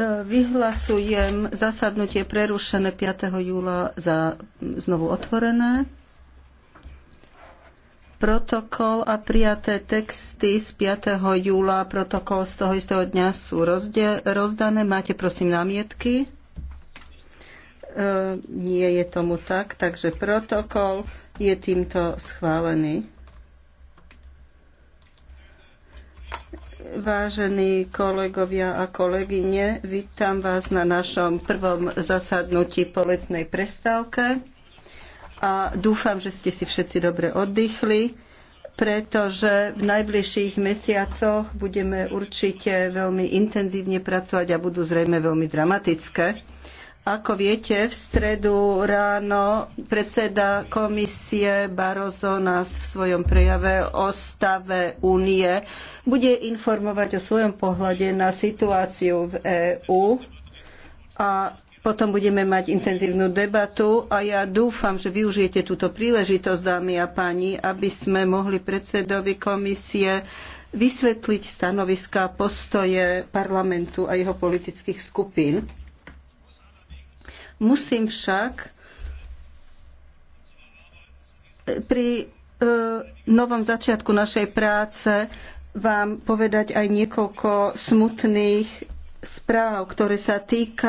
E, vyhlasujem zasadnutie prerušené 5. júla za znovu otvorené. Protokol a prijaté texty z 5. júla, protokol z toho istého dňa sú rozde, rozdané. Máte prosím námietky? E, nie je tomu tak, takže protokol je týmto schválený. Vážení kolegovia a kolegyne, vítam vás na našom prvom zasadnutí po letnej prestávke a dúfam, že ste si všetci dobre oddychli, pretože v najbližších mesiacoch budeme určite veľmi intenzívne pracovať a budú zrejme veľmi dramatické. Ako viete, v stredu ráno predseda komisie Barroso nás v svojom prejave o stave únie bude informovať o svojom pohľade na situáciu v EÚ a potom budeme mať intenzívnu debatu a ja dúfam, že využijete túto príležitosť, dámy a páni, aby sme mohli predsedovi komisie vysvetliť stanoviská postoje parlamentu a jeho politických skupín. Musím však pri uh, novom začiatku našej práce vám povedať aj niekoľko smutných správ, ktoré sa týkajú